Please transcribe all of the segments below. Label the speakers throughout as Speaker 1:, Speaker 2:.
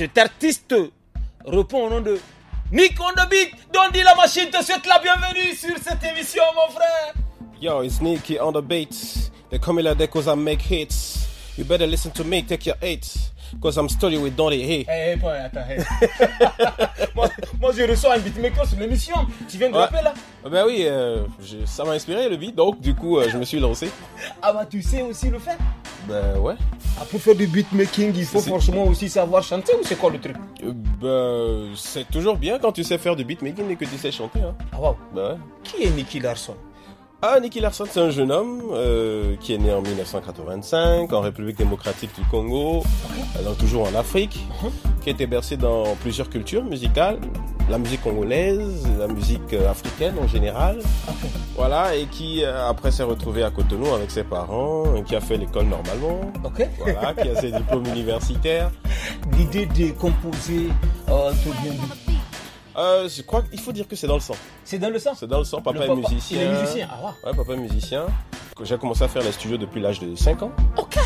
Speaker 1: Cet artiste répond au nom de Nick
Speaker 2: on the beat, Dondi la machine te souhaite la bienvenue sur cette émission, mon frère.
Speaker 1: Yo, it's Nicky on the beat. They call me like that cause I make hits. You better listen to me, take your hits. Cause I'm story with Dondi Hey,
Speaker 2: hey, boy, attends, moi, moi, je reçois un beatmaker sur l'émission. Tu viens de rappeler là
Speaker 1: ah Ben oui, euh, ça m'a inspiré le beat, donc du coup, euh, je me suis lancé.
Speaker 2: ah bah, tu sais aussi le faire
Speaker 1: ben ouais. Ah,
Speaker 2: pour faire du beatmaking, il faut forcément aussi savoir chanter
Speaker 1: ou c'est quoi le truc euh, Ben, c'est toujours bien quand tu sais faire du beatmaking et que tu sais chanter. Hein.
Speaker 2: Ah waouh. Bah ouais. Qui est Nicky Larson
Speaker 1: ah, Nicky Larson, c'est un jeune homme euh, qui est né en 1985 en République démocratique du Congo, euh, donc toujours en Afrique, qui a été bercé dans plusieurs cultures musicales, la musique congolaise, la musique euh, africaine en général. Voilà, et qui après s'est retrouvé à Cotonou avec ses parents, qui a fait l'école normalement. Voilà, qui a ses diplômes universitaires. L'idée de composer euh, tout bien euh, crois qu'il faut dire que c'est dans le sang. C'est dans le sang C'est dans le sang. Papa est musicien. Il est musicien, ah ouais. papa est musicien. J'ai commencé à faire les studios depuis l'âge de 5 ans. Ok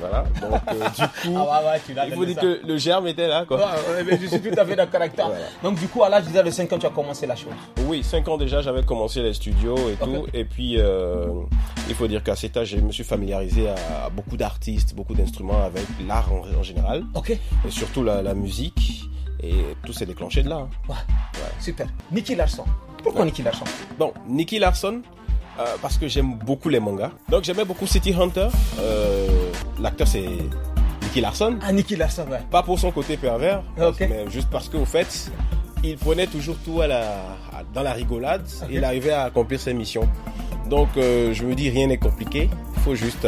Speaker 1: Voilà, donc euh,
Speaker 2: du coup. Ah il faut dire que
Speaker 1: le germe était là, quoi. Ouais, mais je suis tout
Speaker 2: à fait d'accord avec toi. Donc, du coup, à l'âge de 5 ans, tu as commencé la chose Oui, 5
Speaker 1: ans déjà, j'avais commencé les studios et tout. Et puis, euh, il faut dire qu'à cet âge, je me suis familiarisé à beaucoup d'artistes, beaucoup d'instruments avec l'art en, en, général. Ok. Et surtout la, la musique. Et tout s'est déclenché de là.
Speaker 2: Hein. Super. Nicky Larson. Pourquoi
Speaker 1: Nicky Larson Bon, Nicky Larson, euh, parce que j'aime beaucoup les mangas. Donc j'aimais beaucoup City Hunter. Euh, l'acteur, c'est Nicky Larson. Ah, Nicky Larson, ouais. Pas pour son côté pervers, mais juste parce qu'au fait, il prenait toujours tout à la, dans la rigolade il arrivait à accomplir ses missions. Donc euh, je me dis, rien n'est compliqué. Il faut juste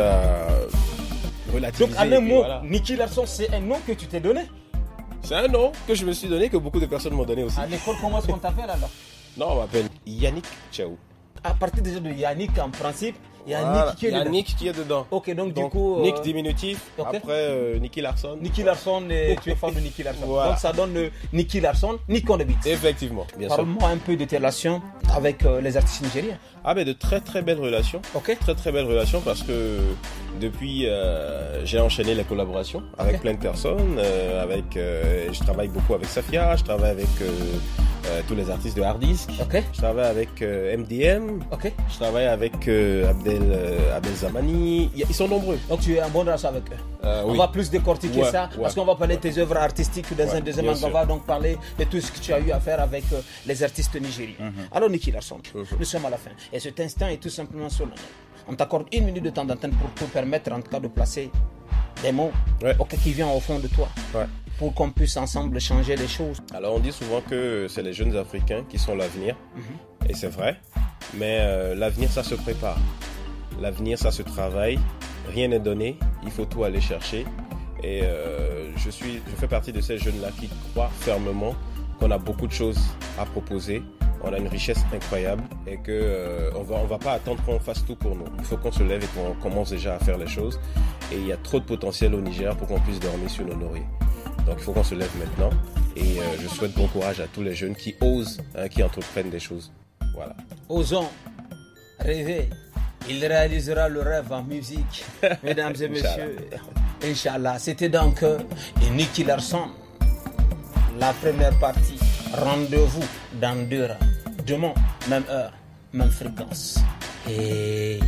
Speaker 1: relativiser. Donc, en un
Speaker 2: mot, Nicky Larson, c'est un nom que tu t'es donné
Speaker 1: c'est un nom que je me suis donné, que beaucoup de personnes m'ont donné aussi. À ah, l'école, comment est-ce qu'on t'appelle alors Non, on m'appelle Yannick Tchaou. À partir déjà de Yannick, en principe, il y a Nick qui est dedans. Nick Ok, donc, du euh, Nick diminutif. Après, euh, Nicky Larson. Nicky Larson, et tu es fan de Nicky Larson. Donc ça donne le Nicky Larson, Nick on the beat. Effectivement, bien Parle-moi
Speaker 2: un peu de tes relations
Speaker 1: avec euh, les artistes nigériens. Ah, ben de très très belles relations. Ok. Très très belles relations parce que depuis, j'ai enchaîné la collaboration avec plein de personnes. avec, je travaille beaucoup avec Safia, je travaille avec. Euh, tous les artistes de hard Ok. Je travaille avec MDM. Euh, ok. Je travaille avec euh, Abdel, Abdel, Zamani. Ils
Speaker 2: sont nombreux. Donc tu es en bonne relation avec eux. on va plus décortiquer ça parce qu'on va parler de tes œuvres artistiques dans un deuxième On va donc parler de tout ce que tu as eu à faire avec les artistes nigériens. Mhm. Alors Niki Larson, nous sommes à la fin. Et cet instant est tout simplement solennel. On t'accorde une minute de temps d'antenne pour te permettre en tout cas de placer des mots qui viennent au fond de toi pour qu'on puisse ensemble changer les choses.
Speaker 1: Alors on dit souvent que c'est les jeunes Africains qui sont l'avenir, mhm. et c'est vrai, mais euh, l'avenir ça se prépare, l'avenir ça se travaille, rien n'est donné, il faut tout aller chercher, et euh, je, suis, je fais partie de ces jeunes-là qui croient fermement qu'on a beaucoup de choses à proposer, on a une richesse incroyable et que ne euh, on va on va pas attendre qu'on fasse tout pour nous. Il faut qu'on se lève et qu'on commence déjà à faire les choses. Et il y a trop de potentiel au Niger pour qu'on puisse dormir sur nos lauriers. Donc il faut qu'on se lève maintenant. Et euh, je souhaite bon courage à tous les jeunes qui osent, hein, qui entreprennent des choses.
Speaker 2: Voilà. Osons, rêver. Il réalisera le rêve en musique, mesdames et messieurs. Inch'Allah. C'était donc euh, Nicky Larson. La première partie. Rendez-vous dans deux heures. Demain, même heure, même fréquence. Et...